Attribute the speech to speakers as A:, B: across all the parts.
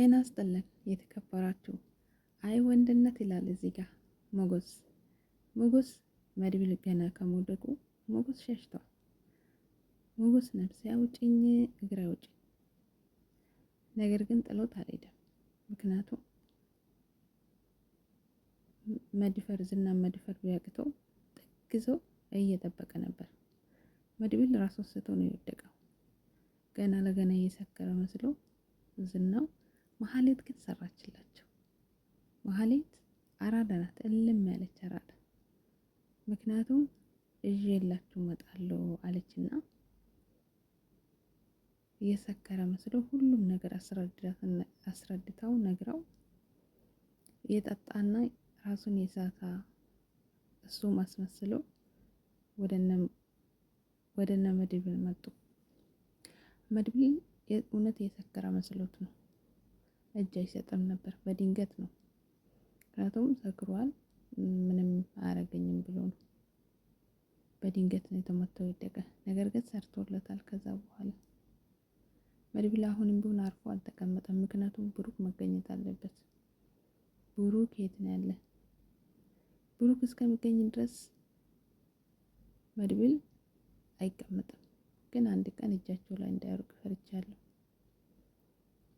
A: ጤና ይስጥልን የተከበራችሁ አይ ወንድነት ይላል እዚህ ጋር ሞጎስ ሞጎስ መድብል ገና ከመውደቁ ሞጎስ ሸሽቷል። ሞጎስ ነፍሴ ውጭኝ እግረ ውጭ ነገር ግን ጥሎት አልሄደም። ምክንያቱም መድፈር ዝና መድፈር ቢያቅተው ጥግዞ እየጠበቀ ነበር። መድብል ራሱ ስቶ ነው የወደቀው። ገና ለገና እየሰከረ መስሎ ዝናው መሀሌት ግን ሰራችላቸው። መሀሌት አራዳ ናት፣ እልም ያለች አራዳ። ምክንያቱም እዥ የላችሁ እመጣለሁ አለችና እየሰከረ መስሎ ሁሉም ነገር አስረድታው ነግረው የጠጣና ራሱን የሳታ እሱ አስመስሎ ወደነ መድብል መጡ። መድብል እውነት የሰከረ መስሎት ነው። እጅ አይሰጥም ነበር። በድንገት ነው፣ ምክንያቱም ሰክሯል። ምንም አያረገኝም ብሎ ነው በድንገት ነው የተመታው። የወደቀ። ነገር ግን ሰርቶለታል። ከዛ በኋላ መድብላ አሁንም ቢሆን አርፎ አልተቀመጠም፣ ምክንያቱም ብሩክ መገኘት አለበት። ብሩክ የት ነው ያለ? ብሩክ እስከሚገኝ ድረስ መድብል አይቀመጥም። ግን አንድ ቀን እጃቸው ላይ እንዳይወርቅ ፈርቻለሁ።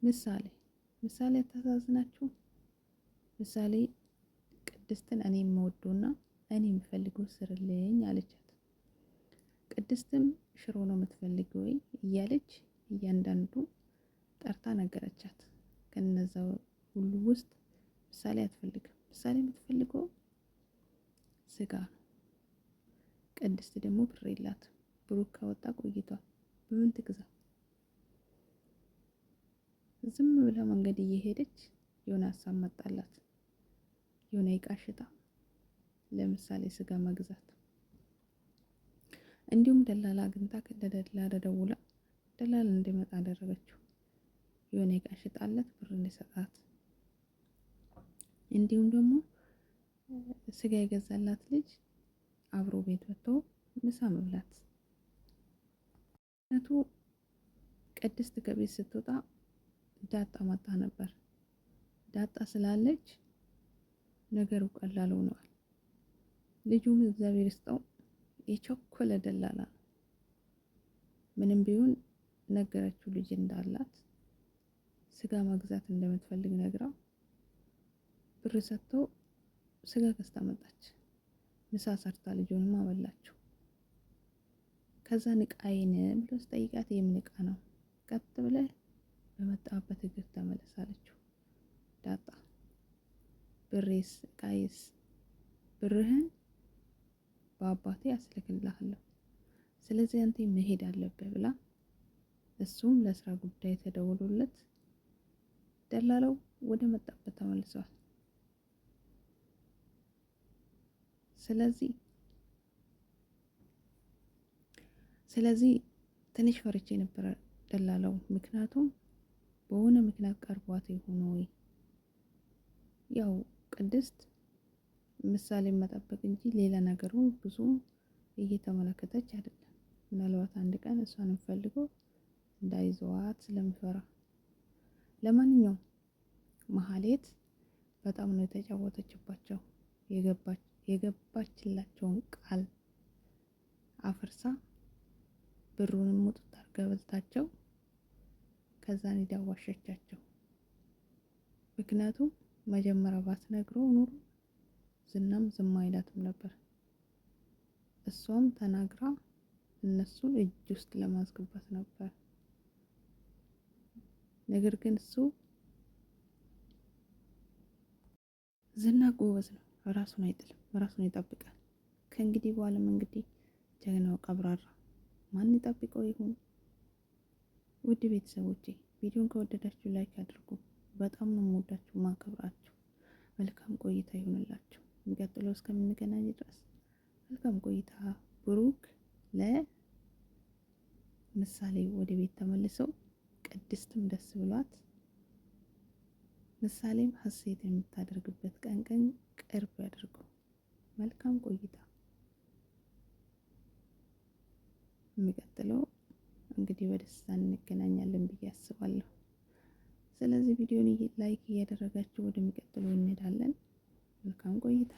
A: ምሳሌ ምሳሌ አታሳዝናችሁም? ምሳሌ ቅድስትን እኔ የምወደውና እኔ የምፈልገው ስርልኝ አለቻት። ቅድስትም ሽሮ ነው የምትፈልገው ወይ እያለች እያንዳንዱ ጠርታ ነገረቻት። ከነዛ ሁሉ ውስጥ ምሳሌ አትፈልግም። ምሳሌ የምትፈልገው ስጋ ነው። ቅድስት ደግሞ ብር የላትም። ብሩክ ከወጣ ቆይቷል። በምን ትግዛ? ዝም ብላ መንገድ እየሄደች የሆነ ሀሳብ መጣላት። የሆነ ይቃሽታ ለምሳሌ ስጋ መግዛት እንዲሁም ደላላ አግኝታ ለደላላ ደውላ ደላላ እንዲመጣ አደረገችው። የሆነ ይቃሽታ አላት ብር እንዲሰጣት። እንዲሁም ደግሞ ስጋ የገዛላት ልጅ አብሮ ቤት ወጥቶ ምሳ መብላት። ነቱ ቅድስት ከቤት ስትወጣ ዳጣ መጣ ነበር። ዳጣ ስላለች ነገሩ ቀላል ሆኗል። ልጁም እግዚአብሔር ይስጠው የቸኮለ ደላላ ነው። ምንም ቢሆን ነገረችው ልጅ እንዳላት ስጋ መግዛት እንደምትፈልግ ነግራው ብር ሰጥቶ ስጋ ገዝታ መጣች። ምሳ ሰርታ ልጁንም አበላችው። ከዛ ንቃይን ብሎ ስጠይቃት የምን እቃ ነው ቀጥ ብለህ በመጣበት እግር ተመለሳለችው። ዳጣ ብሬስ ቃይስ ብርህን በአባቴ አስልክልሃለሁ፣ ስለዚህ አንተ መሄድ አለብህ ብላ እሱም ለስራ ጉዳይ ተደውሎለት ደላለው ወደ መጣበት ተመልሷል። ስለዚህ ስለዚህ ትንሽ ፈርቼ ነበር ደላለው ምክንያቱም በሆነ ምክንያት ቀርቧት ይሆን ወይ? ያው ቅድስት ምሳሌ መጠበቅ እንጂ ሌላ ነገሩ ብዙ እየተመለከተች አይደለም። ምናልባት አንድ ቀን እሷን ፈልጎ እንዳይዘዋት ስለሚፈራ። ለማንኛውም መሀሌት በጣም ነው የተጫወተችባቸው። የገባችላቸውን ቃል አፍርሳ ብሩንም ሙጥጥ አርጋ በልታቸው ከዛ እንዳዋሸቻቸው። ምክንያቱም መጀመሪያ ባትነግረው ኑሮ ዝናም ዝም አይላትም ነበር። እሷም ተናግራ እነሱን እጅ ውስጥ ለማስገባት ነበር። ነገር ግን እሱ ዝና ጎበዝ ነው፣ ራሱን አይጥልም፣ ራሱን ይጠብቃል። ከእንግዲህ በኋላም እንግዲህ ጀግናው ቀብራራ ማን ይጠብቀው ይሆን? ውድ ቤተሰቦቼ ቪዲዮን ከወደዳችሁ ላይክ አድርጉ። በጣም ነው የምወዳችሁ ማከብራችሁ። መልካም ቆይታ ይሆንላችሁ። የሚቀጥለው እስከምንገናኝ ድረስ መልካም ቆይታ። ብሩክ ለምሳሌ ወደ ቤት ተመልሰው ቅድስትም ደስ ብሏት ምሳሌም ሀሴት የምታደርግበት ቀን ቀን ቅርብ ያድርገው። መልካም ቆይታ። የሚቀጥለው እንግዲህ በደስታ እንችላለን ብዬ አስባለሁ። ስለዚህ ቪዲዮን ላይክ እያደረጋችሁ ወደሚቀጥለው እንሄዳለን። መልካም ቆይታ